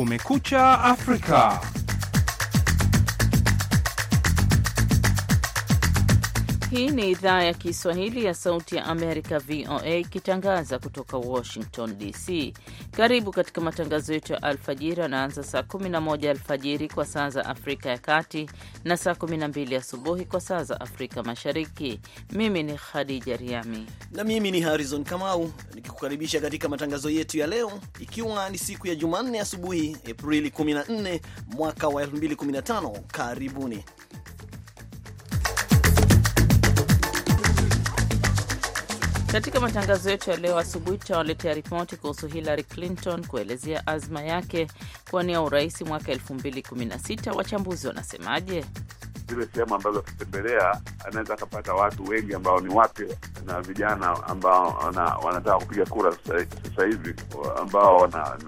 Kumekucha Afrika. Hii ni idhaa ya Kiswahili ya Sauti ya Amerika, VOA, ikitangaza kutoka Washington DC. Karibu katika matangazo yetu ya alfajiri, yanaanza saa 11 alfajiri kwa saa za Afrika ya Kati na saa 12 asubuhi kwa saa za Afrika Mashariki. Mimi ni Khadija Riami na mimi ni Harrison Kamau nikikukaribisha katika matangazo yetu ya leo, ikiwa ni siku ya Jumanne asubuhi, Aprili 14 mwaka wa 2015. Karibuni. Katika matangazo yetu ya leo asubuhi, tutawaletea ripoti kuhusu Hillary Clinton kuelezea azma yake kuwania urais mwaka 2016. Wachambuzi wanasemaje? Zile sehemu ambazo akitembelea anaweza akapata watu wengi ambao ni wapya na vijana ambao wanataka kupiga kura sasa hivi, ambao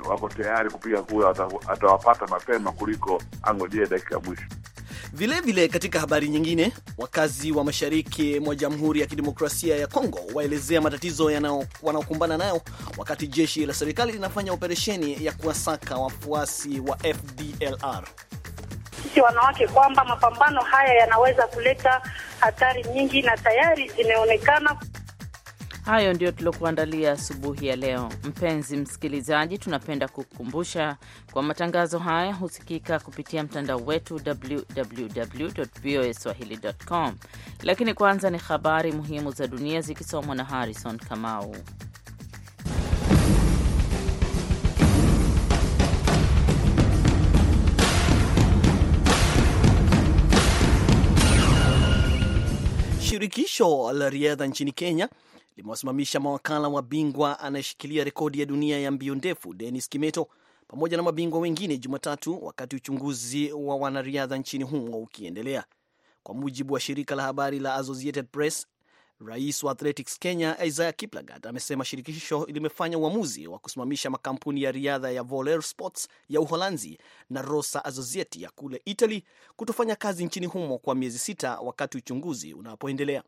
wako tayari kupiga kura atawapata mapema kuliko angojee dakika mwisho. Vilevile vile katika habari nyingine, wakazi wa mashariki mwa Jamhuri ya Kidemokrasia ya Kongo waelezea matatizo wanaokumbana nayo wakati jeshi la serikali linafanya operesheni ya kuwasaka wafuasi wa FDLR. Sisi wanawake kwamba mapambano haya yanaweza kuleta hatari nyingi na tayari zimeonekana. Hayo ndio tuliokuandalia asubuhi ya leo. Mpenzi msikilizaji, tunapenda kukukumbusha kwa matangazo haya husikika kupitia mtandao wetu www voa swahili com, lakini kwanza ni habari muhimu za dunia zikisomwa na Harrison Kamau. Shirikisho la riadha nchini Kenya limewasimamisha mawakala wa bingwa anayeshikilia rekodi ya dunia ya mbio ndefu denis Kimeto pamoja na mabingwa wengine Jumatatu, wakati uchunguzi wa wanariadha nchini humo ukiendelea. Kwa mujibu wa shirika la habari la Associated Press, rais wa Athletics Kenya Isaiah Kiplagat amesema shirikisho limefanya uamuzi wa kusimamisha makampuni ya riadha ya Voler Sports ya Uholanzi na Rosa Associati ya kule Italy kutofanya kazi nchini humo kwa miezi sita, wakati uchunguzi unapoendelea.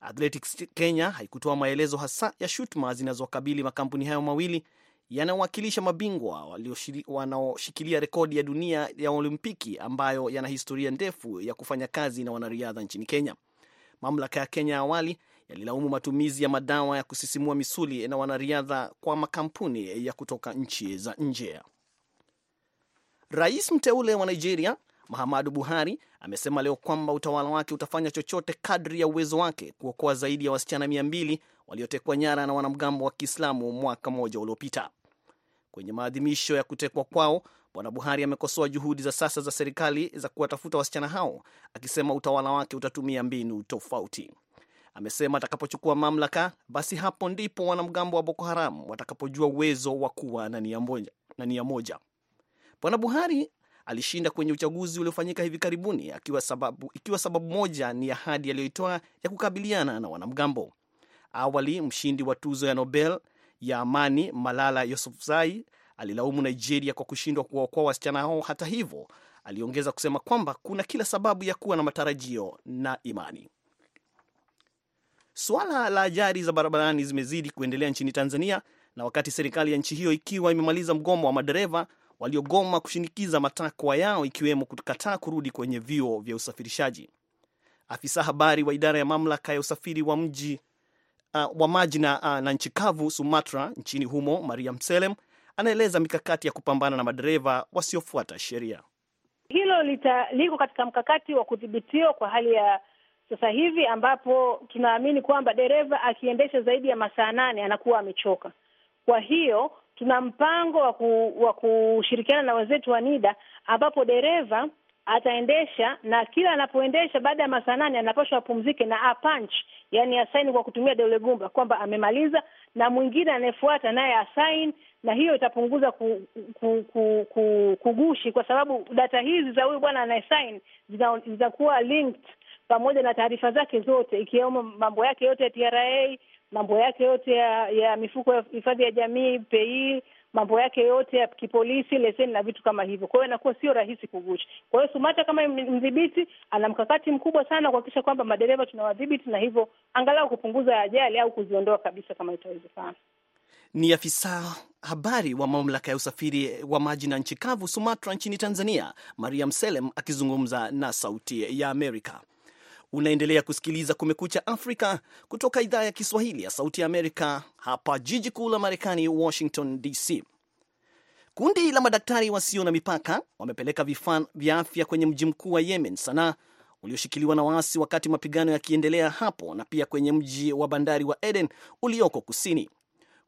Athletics Kenya haikutoa maelezo hasa ya shutuma zinazokabili makampuni hayo mawili yanayowakilisha mabingwa wanaoshikilia rekodi ya dunia ya Olimpiki ambayo yana historia ndefu ya kufanya kazi na wanariadha nchini Kenya. Mamlaka ya Kenya awali yalilaumu matumizi ya madawa ya kusisimua misuli na wanariadha kwa makampuni ya kutoka nchi za nje. Rais mteule wa Nigeria Mahamadu Buhari amesema leo kwamba utawala wake utafanya chochote kadri ya uwezo wake kuokoa zaidi ya wasichana mia mbili waliotekwa nyara na wanamgambo wa Kiislamu mwaka mmoja uliopita. Kwenye maadhimisho ya kutekwa kwao, Bwana Buhari amekosoa juhudi za sasa za serikali za kuwatafuta wasichana hao, akisema utawala wake utatumia mbinu tofauti. Amesema atakapochukua mamlaka, basi hapo ndipo wanamgambo wa Boko Haram watakapojua uwezo wa kuwa na nia moja. Bwana Buhari alishinda kwenye uchaguzi uliofanyika hivi karibuni akiwa sababu, ikiwa sababu moja ni ahadi aliyoitoa ya kukabiliana na wanamgambo. Awali, mshindi wa tuzo ya Nobel ya amani Malala Yousafzai alilaumu Nigeria kwa kushindwa kuwaokoa wasichana hao. Hata hivyo, aliongeza kusema kwamba kuna kila sababu ya kuwa na matarajio na imani. Suala la ajali za barabarani zimezidi kuendelea nchini Tanzania, na wakati serikali ya nchi hiyo ikiwa imemaliza mgomo wa madereva waliogoma kushinikiza matakwa yao ikiwemo kukataa kurudi kwenye vio vya usafirishaji. Afisa habari wa idara ya mamlaka ya usafiri wa mji uh, wa maji na, uh, na nchi kavu Sumatra nchini humo, Mariam Selem anaeleza mikakati ya kupambana na madereva wasiofuata sheria. Hilo lita, liko katika mkakati wa kudhibitiwa kwa hali ya sasa hivi, ambapo tunaamini kwamba dereva akiendesha zaidi ya masaa nane anakuwa amechoka. Kwa hiyo tuna mpango wa kushirikiana na wenzetu wa NIDA ambapo dereva ataendesha na kila anapoendesha baada ya masaa nane anapashwa apumzike na apunch, yani asaini kwa kutumia dole gumba kwamba amemaliza, na mwingine anayefuata naye asain na hiyo itapunguza ku, ku, ku, ku, kugushi, kwa sababu data hizi za huyu bwana anayesain zinakuwa linked pamoja na taarifa zake zote ikiwemo mambo yake yote ya TRA mambo yake yote ya, ya mifuko ya hifadhi ya jamii pei mambo yake yote ya kipolisi, leseni na vitu kama hivyo. Kwa hiyo inakuwa sio rahisi kugushi. Kwa hiyo SUMATA kama mdhibiti ana mkakati mkubwa sana kuhakikisha kwamba madereva tunawadhibiti na hivyo angalau kupunguza ajali au kuziondoa kabisa kama itawezekana. Ni afisa habari wa mamlaka ya usafiri wa maji na nchi kavu SUMATRA nchini Tanzania, Mariam Selem akizungumza na Sauti ya Amerika. Unaendelea kusikiliza Kumekucha Afrika kutoka idhaa ya Kiswahili ya Sauti ya Amerika, hapa jiji kuu la Marekani, Washington DC. Kundi la madaktari wasio na mipaka wamepeleka vifaa vya afya kwenye mji mkuu wa Yemen, Sanaa, ulioshikiliwa na waasi wakati mapigano yakiendelea hapo, na pia kwenye mji wa bandari wa Eden ulioko kusini.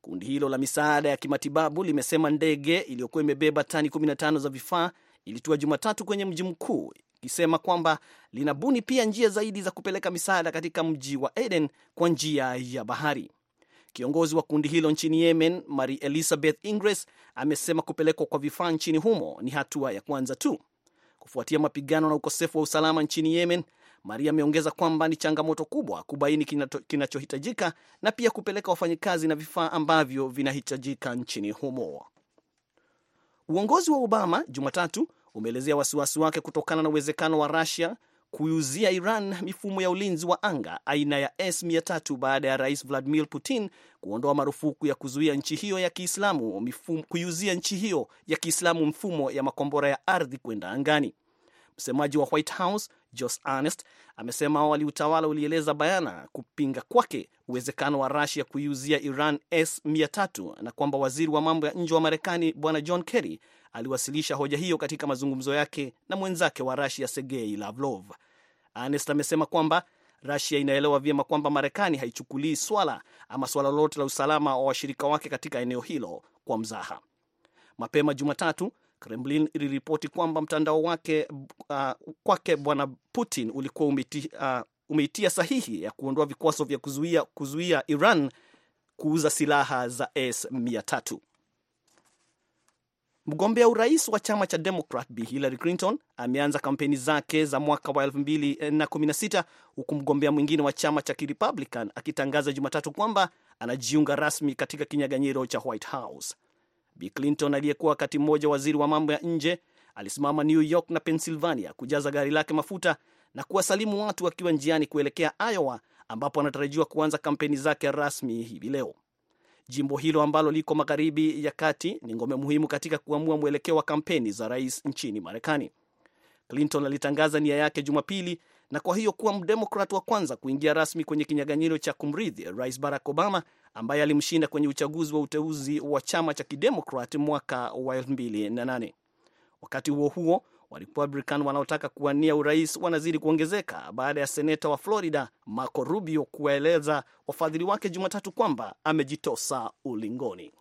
Kundi hilo la misaada ya kimatibabu limesema ndege iliyokuwa imebeba tani 15 za vifaa ilitua Jumatatu kwenye mji mkuu ikisema kwamba linabuni pia njia zaidi za kupeleka misaada katika mji wa Aden kwa njia ya bahari. Kiongozi wa kundi hilo nchini Yemen, Mary Elizabeth Ingres, amesema kupelekwa kwa vifaa nchini humo ni hatua ya kwanza tu kufuatia mapigano na ukosefu wa usalama nchini Yemen. Maria ameongeza kwamba ni changamoto kubwa kubaini kinachohitajika kina na pia kupeleka wafanyakazi na vifaa ambavyo vinahitajika nchini humo. Uongozi wa Obama Jumatatu umeelezea wasiwasi wake kutokana na uwezekano wa Rusia kuiuzia Iran mifumo ya ulinzi wa anga aina ya S300 baada ya Rais Vladimir Putin kuondoa marufuku ya kuzuia nchi hiyo ya Kiislamu kuiuzia nchi hiyo ya Kiislamu mfumo ya makombora ya ardhi kwenda angani. Msemaji wa White House Josh Earnest amesema awali utawala ulieleza bayana kupinga kwake uwezekano wa Russia kuiuzia Iran S-300 na kwamba waziri wa mambo ya nje wa Marekani Bwana John Kerry aliwasilisha hoja hiyo katika mazungumzo yake na mwenzake wa Russia Sergei Lavrov. Earnest amesema kwamba Russia inaelewa vyema kwamba Marekani haichukulii swala ama swala lolote la usalama wa washirika wake katika eneo hilo kwa mzaha. Mapema Jumatatu, Kremlin iliripoti kwamba mtandao wake uh, kwake bwana Putin ulikuwa umeti, uh, umeitia sahihi ya kuondoa vikwazo vya kuzuia, kuzuia Iran kuuza silaha za S300. Mgombea urais wa chama cha Democrat Bi Hillary Clinton ameanza kampeni zake za mwaka wa 2016 huku mgombea mwingine wa chama cha Kirepublican akitangaza Jumatatu kwamba anajiunga rasmi katika kinyaganyiro cha White House. Bi Clinton aliyekuwa wakati mmoja waziri wa mambo ya nje alisimama New York na Pennsylvania kujaza gari lake mafuta na kuwasalimu watu akiwa njiani kuelekea Iowa ambapo anatarajiwa kuanza kampeni zake rasmi hivi leo. Jimbo hilo ambalo liko magharibi ya kati ni ngome muhimu katika kuamua mwelekeo wa kampeni za rais nchini Marekani. Clinton alitangaza nia yake Jumapili na kwa hiyo kuwa mdemokrat wa kwanza kuingia rasmi kwenye kinyaganyiro cha kumrithi Rais Barack Obama ambaye alimshinda kwenye uchaguzi wa uteuzi wa chama cha kidemokrat mwaka wa 2008. Wakati huo huo, Warepublican wanaotaka kuwania urais wanazidi kuongezeka baada ya seneta wa Florida Marco Rubio kuwaeleza wafadhili wake Jumatatu kwamba amejitosa ulingoni.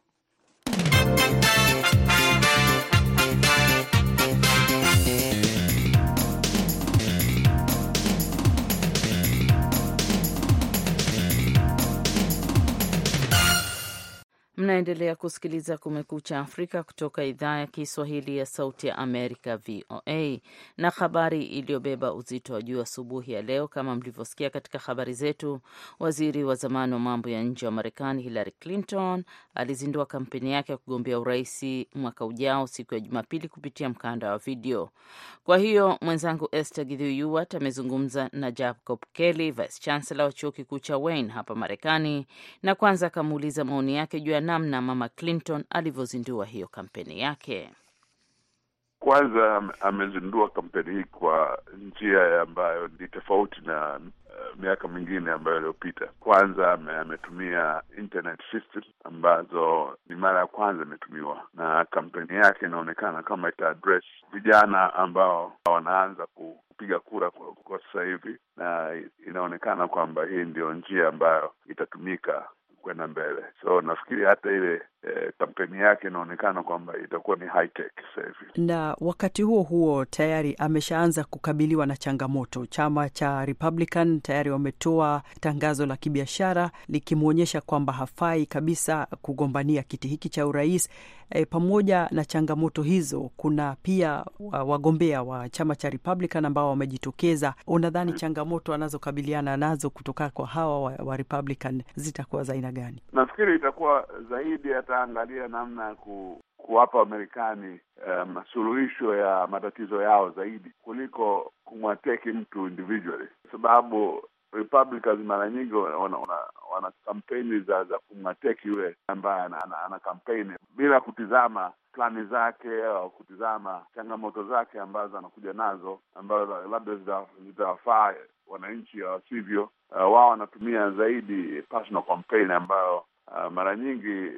Mnaendelea kusikiliza Kumekucha Afrika kutoka idhaa ya Kiswahili ya Sauti ya Amerika, VOA. Na habari iliyobeba uzito wa juu asubuhi ya leo, kama mlivyosikia katika habari zetu, waziri wa zamani wa mambo ya nje wa Marekani Hillary Clinton alizindua kampeni yake ya kugombea urais mwaka ujao siku ya Jumapili kupitia mkanda wa video. Kwa hiyo mwenzangu Esther Githyuwat amezungumza na Jacob Kelly, vice chancellor wa chuo kikuu cha Wayne hapa Marekani, na kwanza akamuuliza maoni yake juu ya namna Mama Clinton alivyozindua hiyo kampeni yake. Kwanza amezindua kampeni hii kwa njia ambayo ni tofauti na eh, miaka mingine ambayo iliyopita. Kwanza ametumia internet system ambazo ni mara ya kwanza imetumiwa, na kampeni yake inaonekana kama ita vijana ambao wanaanza kupiga kura kwa, kwa sasa hivi, na inaonekana kwamba hii ndiyo njia ambayo itatumika kwenda mbele. So nafikiri hata ile e, kampeni yake inaonekana kwamba itakuwa ni high tech sasa hivi, na wakati huo huo tayari ameshaanza kukabiliwa na changamoto. Chama cha Republican tayari wametoa tangazo la kibiashara likimwonyesha kwamba hafai kabisa kugombania kiti hiki cha urais E, pamoja na changamoto hizo kuna pia wagombea wa chama cha Republican ambao wamejitokeza. Unadhani mm-hmm. changamoto anazokabiliana nazo kutoka kwa hawa wa, wa Republican zitakuwa za aina gani? Nafikiri itakuwa zaidi, ataangalia namna ya ku kuwapa Wamarekani um, eh, masuluhisho ya matatizo yao zaidi kuliko kumwateki mtu individually, sababu Republicans mara nyingi wana, kampeni za za kumwateki yule ambaye ana, kampeni bila kutizama plani zake au kutizama changamoto zake ambazo anakuja nazo ambazo labda zitawafaa wananchi, wasivyo uh, wao wanatumia zaidi personal campaign ambayo uh, mara nyingi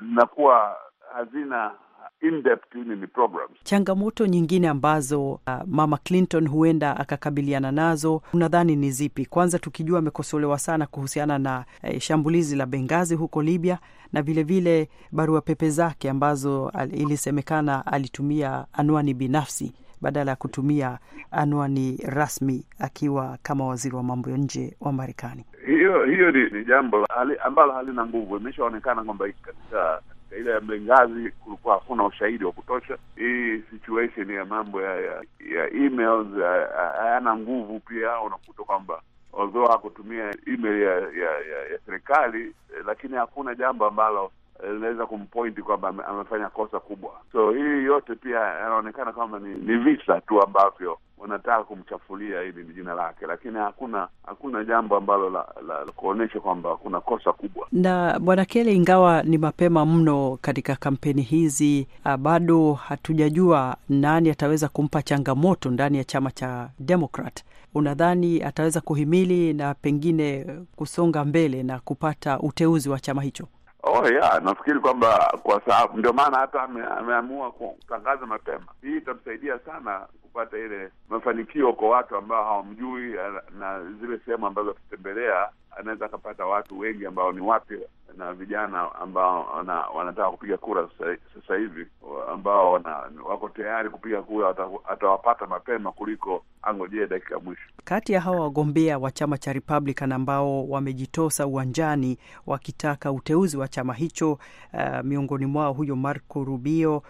inakuwa eh, eh, hazina in-depth programs. Changamoto nyingine ambazo uh, Mama Clinton huenda akakabiliana nazo unadhani ni zipi? Kwanza tukijua amekosolewa sana kuhusiana na uh, shambulizi la bengazi huko Libya na vilevile barua pepe zake ambazo ilisemekana alitumia anwani binafsi badala ya kutumia anwani rasmi akiwa kama waziri wa mambo ya nje wa Marekani. Hiyo hiyo ni, ni jambo ambalo halina nguvu, imeshaonekana kwamba katika ile ya Benghazi kulikuwa hakuna ushahidi wa kutosha. Hii situation ya mambo ya ya, ya emails hayana nguvu. Pia unakuta kwamba although hakutumia email ya ya, ya, ya serikali eh, lakini hakuna jambo ambalo linaweza eh, kumpointi kwamba amefanya kosa kubwa. So hii yote pia yanaonekana kwamba ni, ni visa tu ambavyo wanataka kumchafulia ili ni jina lake, lakini hakuna hakuna jambo ambalo la, la, la kuonyesha kwamba kuna kosa kubwa. Na bwana Kele, ingawa ni mapema mno katika kampeni hizi, ah, bado hatujajua nani ataweza kumpa changamoto ndani ya chama cha Democrat. Unadhani ataweza kuhimili na pengine kusonga mbele na kupata uteuzi wa chama hicho? Oh yeah, nafikiri kwamba kwa sababu ndio maana hata ameamua kutangaza mapema. Hii itamsaidia sana kupata ile mafanikio kwa watu ambao hawamjui eh, na zile sehemu ambazo atatembelea anaweza akapata watu wengi ambao ni wapya na vijana ambao wana, wanataka kupiga kura sasa hivi ambao wana, wako tayari kupiga kura atawapata mapema kuliko angojee dakika ya mwisho. Kati ya hawa wagombea wa chama cha Republican ambao wamejitosa uwanjani wakitaka uteuzi wa chama hicho, uh, miongoni mwao huyo Marco Rubio, uh,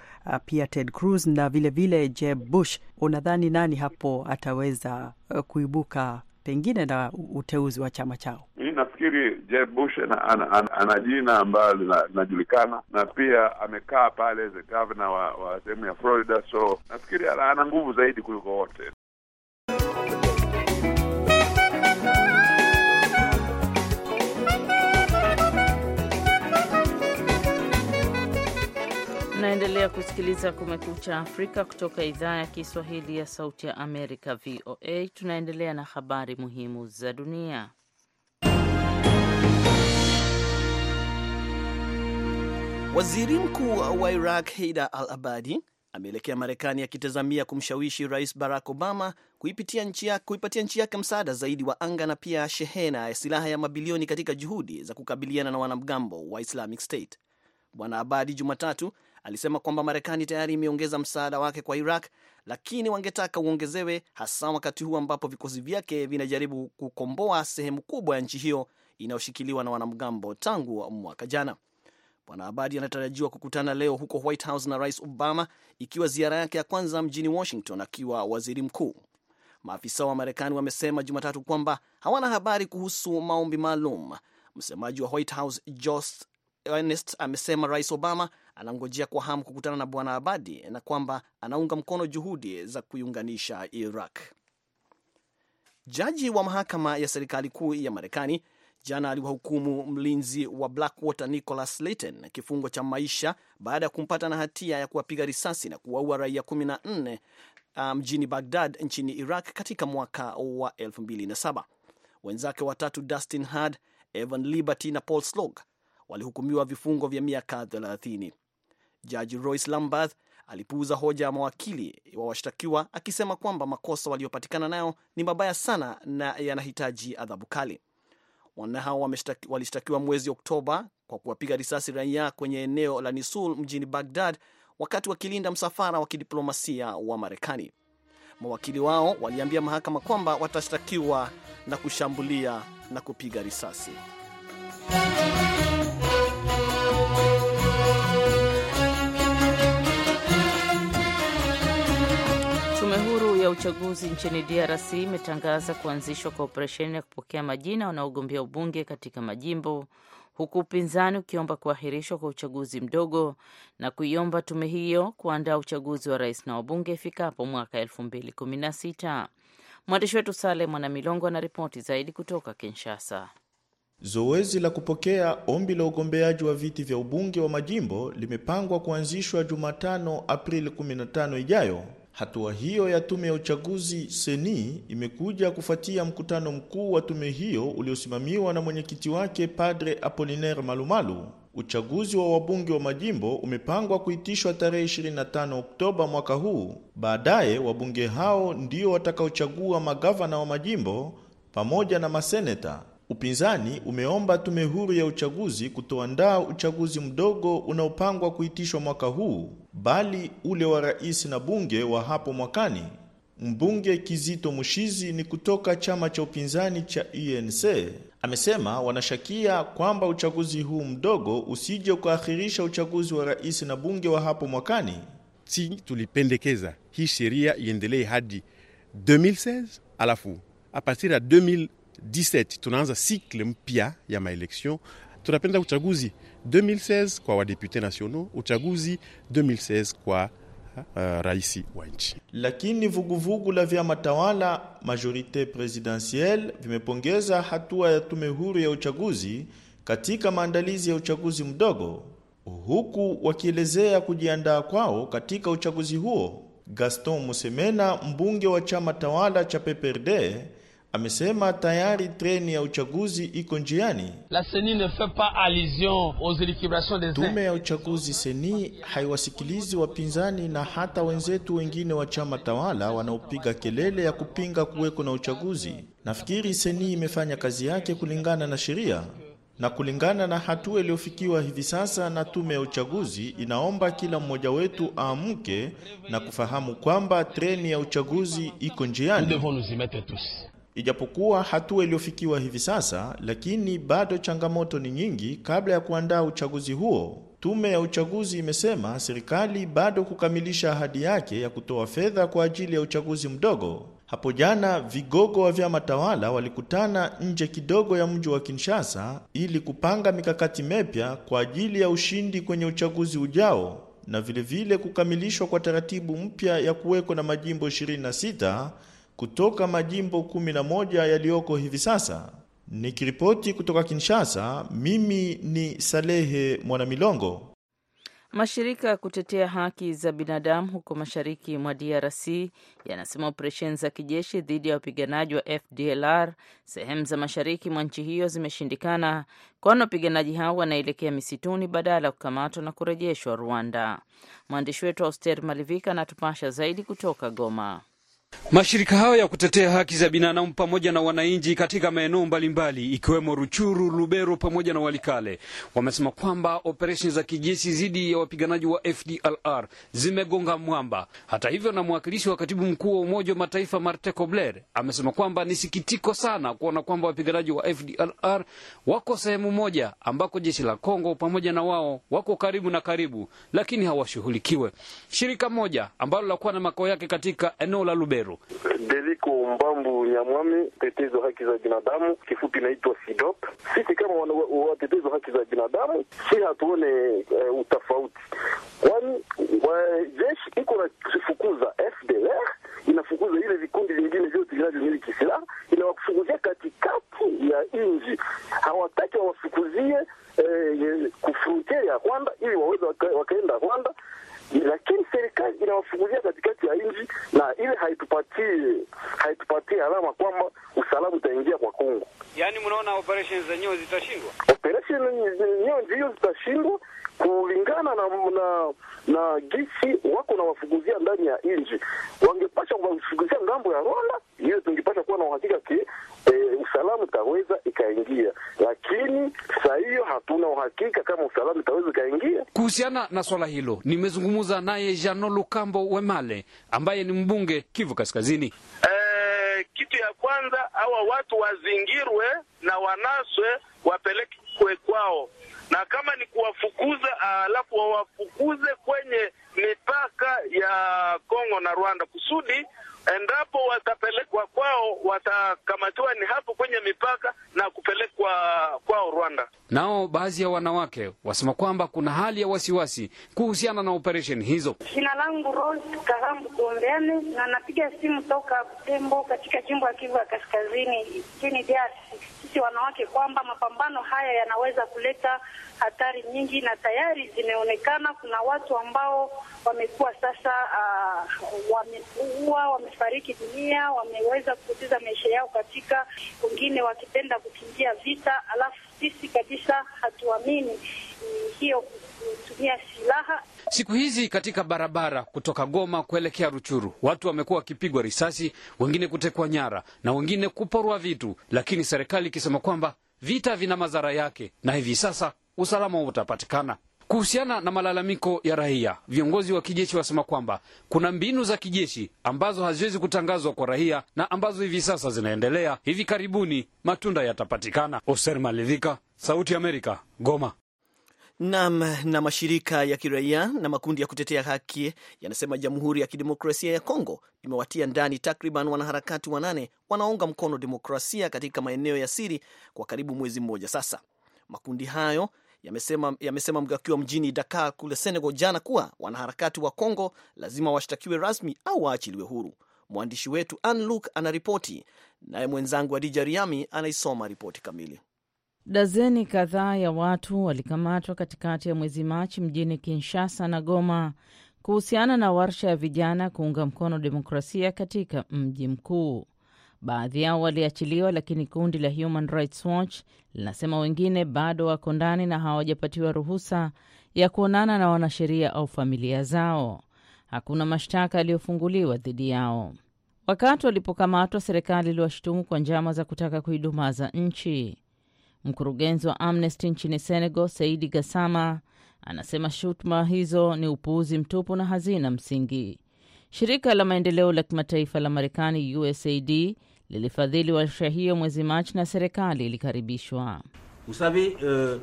pia Ted Cruz na vilevile Jeb Bush, unadhani nani hapo ataweza uh, kuibuka pengine na uteuzi wa chama chao. Mimi nafikiri Jeb Bush ana, ana, ana, ana jina ambayo linajulikana na pia amekaa pale gavana wa, wa sehemu ya Florida, so nafikiri ana, ana nguvu zaidi kuliko wote. Unaendelea kusikiliza Kumekucha Afrika kutoka idhaa ya Kiswahili ya Sauti ya Amerika, VOA. Tunaendelea na habari muhimu za dunia. Waziri Mkuu wa Iraq heida al-Abadi ameelekea Marekani akitazamia kumshawishi Rais Barack Obama kuipatia nchi yake msaada zaidi wa anga na pia shehena ya silaha ya mabilioni katika juhudi za kukabiliana na wanamgambo wa Islamic State. Bwana Abadi Jumatatu alisema kwamba Marekani tayari imeongeza msaada wake kwa Iraq, lakini wangetaka uongezewe, hasa wakati huu ambapo vikosi vyake vinajaribu kukomboa sehemu kubwa ya nchi hiyo inayoshikiliwa na wanamgambo tangu mwaka jana. Bwana Abadi anatarajiwa kukutana leo huko White House na Rais Obama, ikiwa ziara yake ya kwanza mjini Washington akiwa waziri mkuu. Maafisa wa Marekani wamesema Jumatatu kwamba hawana habari kuhusu maombi maalum. Msemaji wa White House Josh amesema Rais Obama anangojea kwa hamu kukutana na Bwana Abadi na kwamba anaunga mkono juhudi za kuiunganisha Iraq. Jaji wa mahakama ya serikali kuu ya Marekani jana aliwahukumu mlinzi wa Blackwater Nicholas Layton kifungo cha maisha baada ya kumpata na hatia ya kuwapiga risasi na kuwaua raia 14 ah, mjini um, Baghdad nchini Iraq katika mwaka wa 2007. Wenzake watatu Dustin Hard, Evan Liberty na Paul Slog walihukumiwa vifungo vya miaka 30. Jaji Royce Lambath alipuuza hoja ya mawakili wa washtakiwa akisema kwamba makosa waliopatikana nayo ni mabaya sana na yanahitaji adhabu kali. Wanne hao walishtakiwa mwezi Oktoba kwa kuwapiga risasi raia kwenye eneo la Nisul mjini Bagdad wakati wakilinda msafara wa kidiplomasia wa Marekani. Mawakili wao waliambia mahakama kwamba watashtakiwa na kushambulia na kupiga risasi. uchaguzi nchini DRC imetangaza kuanzishwa kwa operesheni ya kupokea majina wanaogombea ubunge katika majimbo, huku upinzani ukiomba kuahirishwa kwa uchaguzi mdogo na kuiomba tume hiyo kuandaa uchaguzi wa rais na wabunge ifikapo mwaka 216 Mwandishi wetu Sale Mwanamilongo ripoti zaidi kutoka Kinshasa. Zoezi la kupokea ombi la ugombeaji wa viti vya ubunge wa majimbo limepangwa kuanzishwa Jumatano Aprili 15 ijayo Hatua hiyo ya tume ya uchaguzi seni imekuja kufuatia mkutano mkuu wa tume hiyo uliosimamiwa na mwenyekiti wake Padre Apolinaire Malumalu. Uchaguzi wa wabunge wa majimbo umepangwa kuitishwa tarehe 25 Oktoba mwaka huu. Baadaye wabunge hao ndio watakaochagua magavana wa majimbo pamoja na maseneta. Upinzani umeomba tume huru ya uchaguzi kutoandaa uchaguzi mdogo unaopangwa kuitishwa mwaka huu bali ule wa rais na bunge wa hapo mwakani. Mbunge Kizito Mushizi ni kutoka chama cha upinzani cha UNC e amesema wanashakia kwamba uchaguzi huu mdogo usije ukaakhirisha uchaguzi wa rais na bunge wa hapo mwakani. Si tulipendekeza hii sheria iendelee hadi 2016, alafu a partir ya 2017 tunaanza sikle mpya ya maelection tunapenda uchaguzi 2016 kwa wadepute nationaux, uchaguzi 2016 kwa Uh, rais wa nchi. Lakini vuguvugu la vyama tawala majorite presidentielle vimepongeza hatua ya tume huru ya uchaguzi katika maandalizi ya uchaguzi mdogo, huku wakielezea kujiandaa kwao katika uchaguzi huo. Gaston Musemena, mbunge wa chama tawala cha PPRD, amesema tayari treni ya uchaguzi iko njiani. La CENI ne fait pas allusion aux des tume ya uchaguzi CENI haiwasikilizi wapinzani na hata wenzetu wengine wa chama tawala wanaopiga kelele ya kupinga kuweko na uchaguzi. Nafikiri CENI imefanya kazi yake kulingana na sheria na kulingana na hatua iliyofikiwa hivi sasa na tume ya uchaguzi, inaomba kila mmoja wetu aamke na kufahamu kwamba treni ya uchaguzi iko njiani. Ijapokuwa hatua iliyofikiwa hivi sasa, lakini bado changamoto ni nyingi kabla ya kuandaa uchaguzi huo. Tume ya uchaguzi imesema serikali bado kukamilisha ahadi yake ya kutoa fedha kwa ajili ya uchaguzi mdogo. Hapo jana vigogo wa vyama tawala walikutana nje kidogo ya mji wa Kinshasa ili kupanga mikakati mipya kwa ajili ya ushindi kwenye uchaguzi ujao na vilevile vile kukamilishwa kwa taratibu mpya ya kuwekwa na majimbo 26 kutoka majimbo 11 yaliyoko hivi sasa. Nikiripoti kutoka Kinshasa, mimi ni Salehe Mwanamilongo. Mashirika ya kutetea haki za binadamu huko mashariki mwa DRC yanasema operesheni za kijeshi dhidi ya wapiganaji wa FDLR sehemu za mashariki mwa nchi hiyo zimeshindikana, kwani wapiganaji hao wanaelekea misituni badala ya kukamatwa na kurejeshwa Rwanda. Mwandishi wetu Auster Malivika anatupasha zaidi kutoka Goma. Mashirika hayo ya kutetea haki za binadamu pamoja na wananchi katika maeneo mbalimbali ikiwemo Ruchuru, Lubero pamoja na Walikale wamesema kwamba operesheni za kijeshi dhidi ya wapiganaji wa FDLR zimegonga mwamba. Hata hivyo, na mwakilishi wa katibu mkuu wa Umoja wa Mataifa Marte Kobler amesema kwamba ni sikitiko sana kuona kwamba wapiganaji wa FDLR wako sehemu moja ambako jeshi la Kongo pamoja na wao wako karibu na karibu, lakini hawashughulikiwe. Shirika moja ambalo lakuwa na makao yake katika eneo la Lubero Lubero. Deliko Mbambu Nyamwami, tetezi wa haki za binadamu, kifupi inaitwa SIDOP. Sisi kama watetezi wa haki za binadamu si hatuone e, eh, utafauti, kwani jeshi iko Kuhusiana na swala hilo nimezungumza naye Jano Lukambo Wemale ambaye ni mbunge Kivu Kaskazini. Eh, kitu ya kwanza hawa watu wazingirwe na wanaswe wapelekwe kwao, na kama ni kuwafukuza, alafu wawafukuze kwenye mipaka ya Kongo na Rwanda kusudi endapo watapelekwa kwao, watakamatiwa ni hapa Nao baadhi ya wanawake wasema kwamba kuna hali ya wasiwasi kuhusiana na operesheni hizo. Jina langu Rose Kahambu Kuombeane, na napiga simu toka Butembo katika jimbo ya Kivu ya Kaskazini nchini DRC. Sisi wanawake kwamba mapambano haya yanaweza kuleta hatari nyingi, na tayari zimeonekana kuna watu ambao wamekuwa sasa, uh, wameua, wamefariki dunia, wameweza kupoteza maisha yao katika, wengine wakipenda kukimbia vita, alafu sisi kabisa hatuamini hiyo kutumia silaha. Siku hizi katika barabara kutoka Goma kuelekea Ruchuru, watu wamekuwa wakipigwa risasi, wengine kutekwa nyara na wengine kuporwa vitu, lakini serikali ikisema kwamba vita vina madhara yake na hivi sasa usalama utapatikana. Kuhusiana na malalamiko ya raia, viongozi wa kijeshi wasema kwamba kuna mbinu za kijeshi ambazo haziwezi kutangazwa kwa raia na ambazo hivi sasa zinaendelea. Hivi karibuni matunda yatapatikana. Oser Malivika, Sauti ya Amerika, Goma. Nam na mashirika ya kiraia na makundi ya kutetea haki yanasema Jamhuri ya Kidemokrasia ya Kongo imewatia ndani takriban wanaharakati wanane wanaounga mkono demokrasia katika maeneo ya siri kwa karibu mwezi mmoja sasa. Makundi hayo yamesema, yamesema mgakiwa mjini Dakar kule Senegal jana kuwa wanaharakati wa Congo lazima washtakiwe rasmi au waachiliwe huru. Mwandishi wetu Ann luk anaripoti, naye mwenzangu Adija Riami anaisoma ripoti kamili. Dazeni kadhaa ya watu walikamatwa katikati ya mwezi Machi mjini Kinshasa na Goma kuhusiana na warsha ya vijana kuunga mkono demokrasia katika mji mkuu. Baadhi yao waliachiliwa, lakini kundi la Human Rights Watch linasema wengine bado wako ndani na hawajapatiwa ruhusa ya kuonana na wanasheria au familia zao. Hakuna mashtaka yaliyofunguliwa dhidi yao. Wakati walipokamatwa, serikali iliwashutumu kwa njama za kutaka kuidumaza nchi. Mkurugenzi wa Amnesty nchini Senegal, Saidi Gassama, anasema shutuma hizo ni upuuzi mtupu na hazina msingi. Shirika la maendeleo la kimataifa la Marekani, USAID, lilifadhili warsha hiyo mwezi Machi na serikali ilikaribishwa. uh, uh,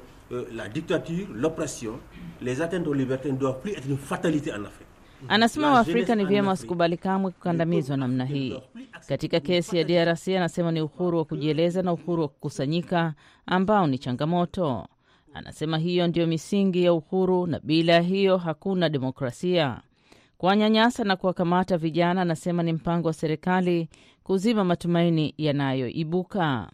la dictature, l'oppression, les atteintes aux ne doivent plus être une en Afrique. Anasema Waafrika ni vyema wasikubali kamwe kukandamizwa namna hii. Katika kesi ya DRC, anasema ni uhuru wa kujieleza na uhuru wa kukusanyika ambao ni changamoto. Anasema hiyo ndiyo misingi ya uhuru na bila ya hiyo hakuna demokrasia kuwanyanyasa na kuwakamata vijana, anasema ni mpango wa serikali kuzima matumaini yanayoibuka.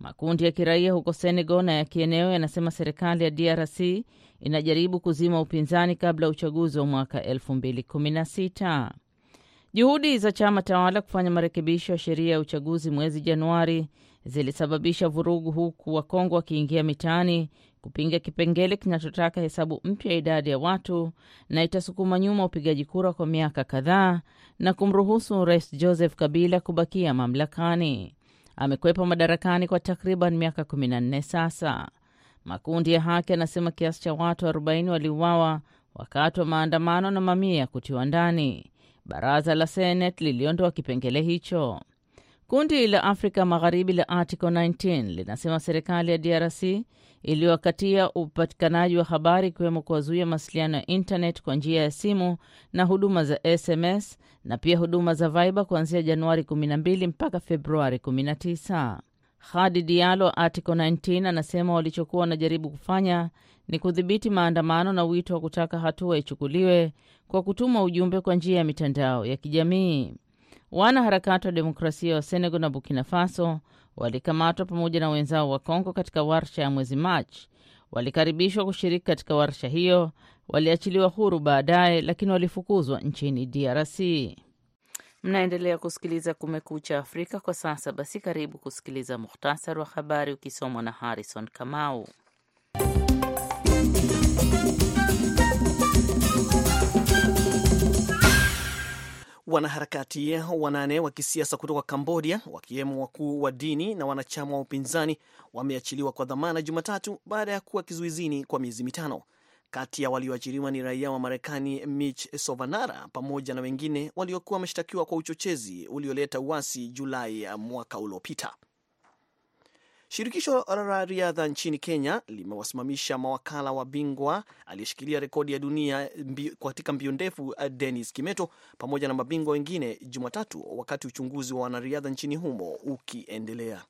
Makundi ya kiraia huko Senegal na ya kieneo yanasema serikali ya DRC inajaribu kuzima upinzani kabla ya uchaguzi wa mwaka 2016. Juhudi za chama tawala kufanya marekebisho ya sheria ya uchaguzi mwezi Januari zilisababisha vurugu, huku Wakongo wakiingia mitaani kupinga kipengele kinachotaka hesabu mpya ya idadi ya watu na itasukuma nyuma upigaji kura kwa miaka kadhaa na kumruhusu Rais Joseph Kabila kubakia mamlakani. Amekwepa madarakani kwa takriban miaka 14 sasa. Makundi ya haki yanasema kiasi cha watu 40 waliuawa wakati wa maandamano na mamia ya kutiwa ndani. Baraza la senet liliondoa kipengele hicho. Kundi la Afrika Magharibi la Article 19 linasema serikali ya DRC iliwakatia upatikanaji wa habari ikiwemo kuwazuia mawasiliano ya intanet kwa njia ya simu na huduma za SMS na pia huduma za Viber kuanzia Januari 12 mpaka Februari 19. Hadi Dialo wa Article 19 anasema walichokuwa wanajaribu kufanya ni kudhibiti maandamano na wito wa kutaka hatua ichukuliwe kwa kutuma ujumbe kwa njia ya mitandao ya kijamii. Wanaharakati wa demokrasia wa Senegal na Burkina Faso walikamatwa pamoja na wenzao wa Kongo katika warsha ya mwezi Machi. Walikaribishwa kushiriki katika warsha hiyo, waliachiliwa huru baadaye, lakini walifukuzwa nchini DRC. Mnaendelea kusikiliza Kumekucha Afrika kwa sasa. Basi karibu kusikiliza muhtasari wa habari ukisomwa na Harrison Kamau. Wanaharakati wanane wa kisiasa kutoka Kambodia, wakiwemo wakuu wa dini na wanachama wa upinzani, wameachiliwa kwa dhamana Jumatatu baada ya kuwa kizuizini kwa miezi mitano. Kati ya walioachiliwa ni raia wa Marekani Mitch Sovanara pamoja na wengine waliokuwa wameshtakiwa kwa uchochezi ulioleta uasi Julai mwaka uliopita. Shirikisho la riadha nchini Kenya limewasimamisha mawakala wa bingwa aliyeshikilia rekodi ya dunia mbi, katika mbio ndefu uh, denis Kimeto pamoja na mabingwa wengine Jumatatu, wakati uchunguzi wa wanariadha nchini humo ukiendelea.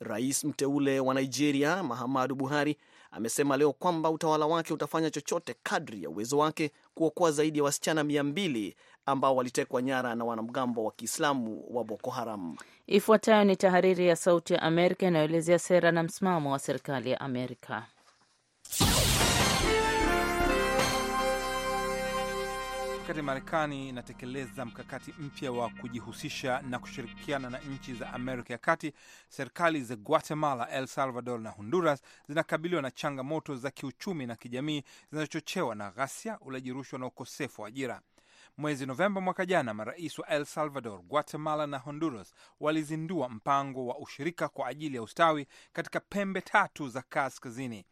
Rais mteule wa Nigeria Mahamadu Buhari amesema leo kwamba utawala wake utafanya chochote kadri ya uwezo wake kuokoa zaidi ya wasichana mia mbili ambao walitekwa nyara na wanamgambo wa Kiislamu wa Boko Haram. Ifuatayo ni tahariri ya Sauti ya Amerika inayoelezea sera na msimamo wa serikali ya Amerika. Wakati Marekani inatekeleza mkakati mpya wa kujihusisha na kushirikiana na nchi za Amerika ya Kati, serikali za Guatemala, el Salvador na Honduras zinakabiliwa na changamoto za kiuchumi na kijamii zinazochochewa na ghasia, ulaji rushwa na ukosefu wa ajira. Mwezi Novemba mwaka jana, marais wa El Salvador, Guatemala na Honduras walizindua mpango wa ushirika kwa ajili ya ustawi katika pembe tatu za kaskazini.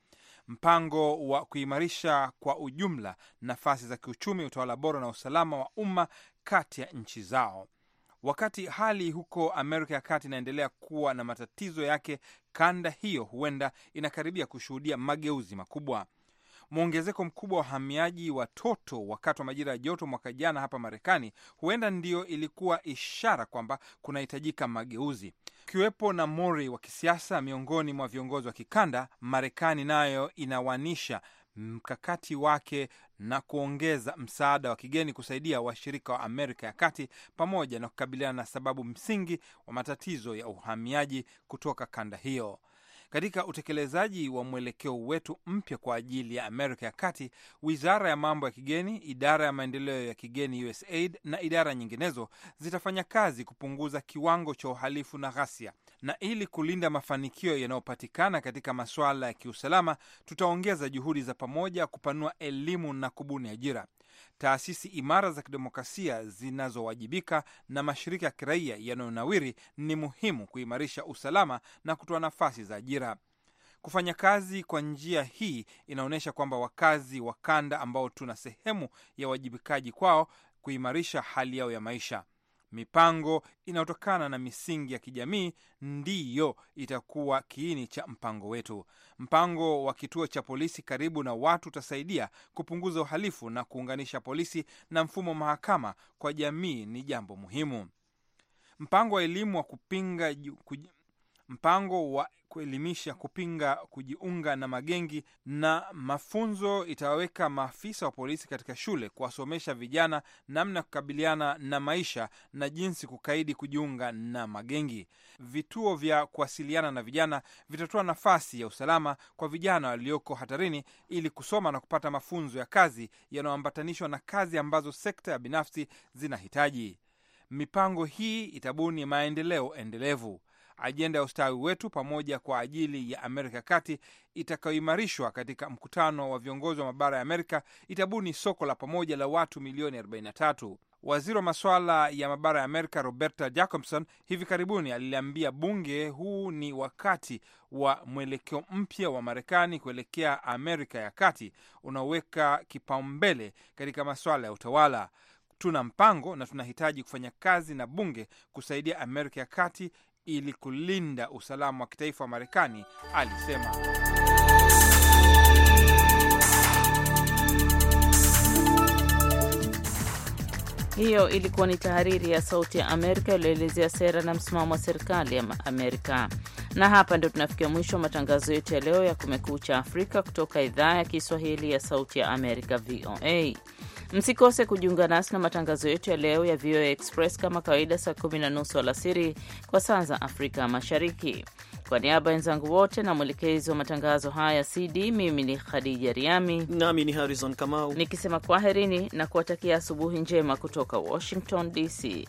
Mpango wa kuimarisha kwa ujumla nafasi za kiuchumi, utawala bora na usalama wa umma kati ya nchi zao. Wakati hali huko Amerika ya Kati inaendelea kuwa na matatizo yake, kanda hiyo huenda inakaribia kushuhudia mageuzi makubwa mwongezeko mkubwa wa wahamiaji watoto wakati wa majira ya joto mwaka jana hapa Marekani huenda ndiyo ilikuwa ishara kwamba kunahitajika mageuzi, ukiwepo na mori wa kisiasa miongoni mwa viongozi wa kikanda. Marekani nayo inawanisha mkakati wake na kuongeza msaada wa kigeni kusaidia washirika wa Amerika ya Kati pamoja na kukabiliana na sababu msingi wa matatizo ya uhamiaji kutoka kanda hiyo. Katika utekelezaji wa mwelekeo wetu mpya kwa ajili ya Amerika ya Kati, wizara ya mambo ya kigeni, idara ya maendeleo ya kigeni USAID na idara nyinginezo zitafanya kazi kupunguza kiwango cha uhalifu na ghasia, na ili kulinda mafanikio yanayopatikana katika masuala ya kiusalama, tutaongeza juhudi za pamoja kupanua elimu na kubuni ajira taasisi imara za kidemokrasia zinazowajibika na mashirika ya kiraia yanayonawiri ni muhimu kuimarisha usalama na kutoa nafasi za ajira. Kufanya kazi kwa njia hii inaonyesha kwamba wakazi wa kanda ambao tuna sehemu ya uwajibikaji kwao kuimarisha hali yao ya maisha. Mipango inayotokana na misingi ya kijamii ndiyo itakuwa kiini cha mpango wetu. Mpango wa kituo cha polisi karibu na watu utasaidia kupunguza uhalifu na kuunganisha polisi na mfumo mahakama kwa jamii ni jambo muhimu. Mpango wa elimu wa kupinga mpango wa kuelimisha kupinga kujiunga na magengi na mafunzo itawaweka maafisa wa polisi katika shule kuwasomesha vijana namna ya kukabiliana na maisha na jinsi kukaidi kujiunga na magengi. Vituo vya kuwasiliana na vijana vitatoa nafasi ya usalama kwa vijana walioko hatarini ili kusoma na kupata mafunzo ya kazi yanayoambatanishwa na kazi ambazo sekta ya binafsi zinahitaji. Mipango hii itabuni maendeleo endelevu ajenda ya ustawi wetu pamoja kwa ajili ya Amerika ya Kati itakayoimarishwa katika mkutano wa viongozi wa mabara ya Amerika itabuni soko la pamoja la watu milioni 43. Waziri wa masuala ya mabara ya Amerika Roberta Jacobson hivi karibuni aliliambia bunge huu ni wakati wa mwelekeo mpya wa Marekani kuelekea Amerika ya Kati unaoweka kipaumbele katika masuala ya utawala. Tuna mpango na tunahitaji kufanya kazi na bunge kusaidia Amerika ya Kati ili kulinda usalama wa kitaifa wa Marekani, alisema. Hiyo ilikuwa ni tahariri ya Sauti ya Amerika iliyoelezea sera na msimamo wa serikali ya Amerika. Na hapa ndio tunafikia mwisho wa matangazo yetu ya leo ya Kumekucha Afrika kutoka idhaa ya Kiswahili ya Sauti ya Amerika, VOA. Msikose kujiunga nasi na matangazo yetu ya leo ya VOA Express kama kawaida, saa kumi na nusu alasiri kwa saa za Afrika Mashariki. Kwa niaba ya wenzangu wote na mwelekezi wa matangazo haya CD, mimi ni Khadija Riami nami ni Harrison Kamau nikisema kwaherini na kuwatakia asubuhi njema kutoka Washington DC.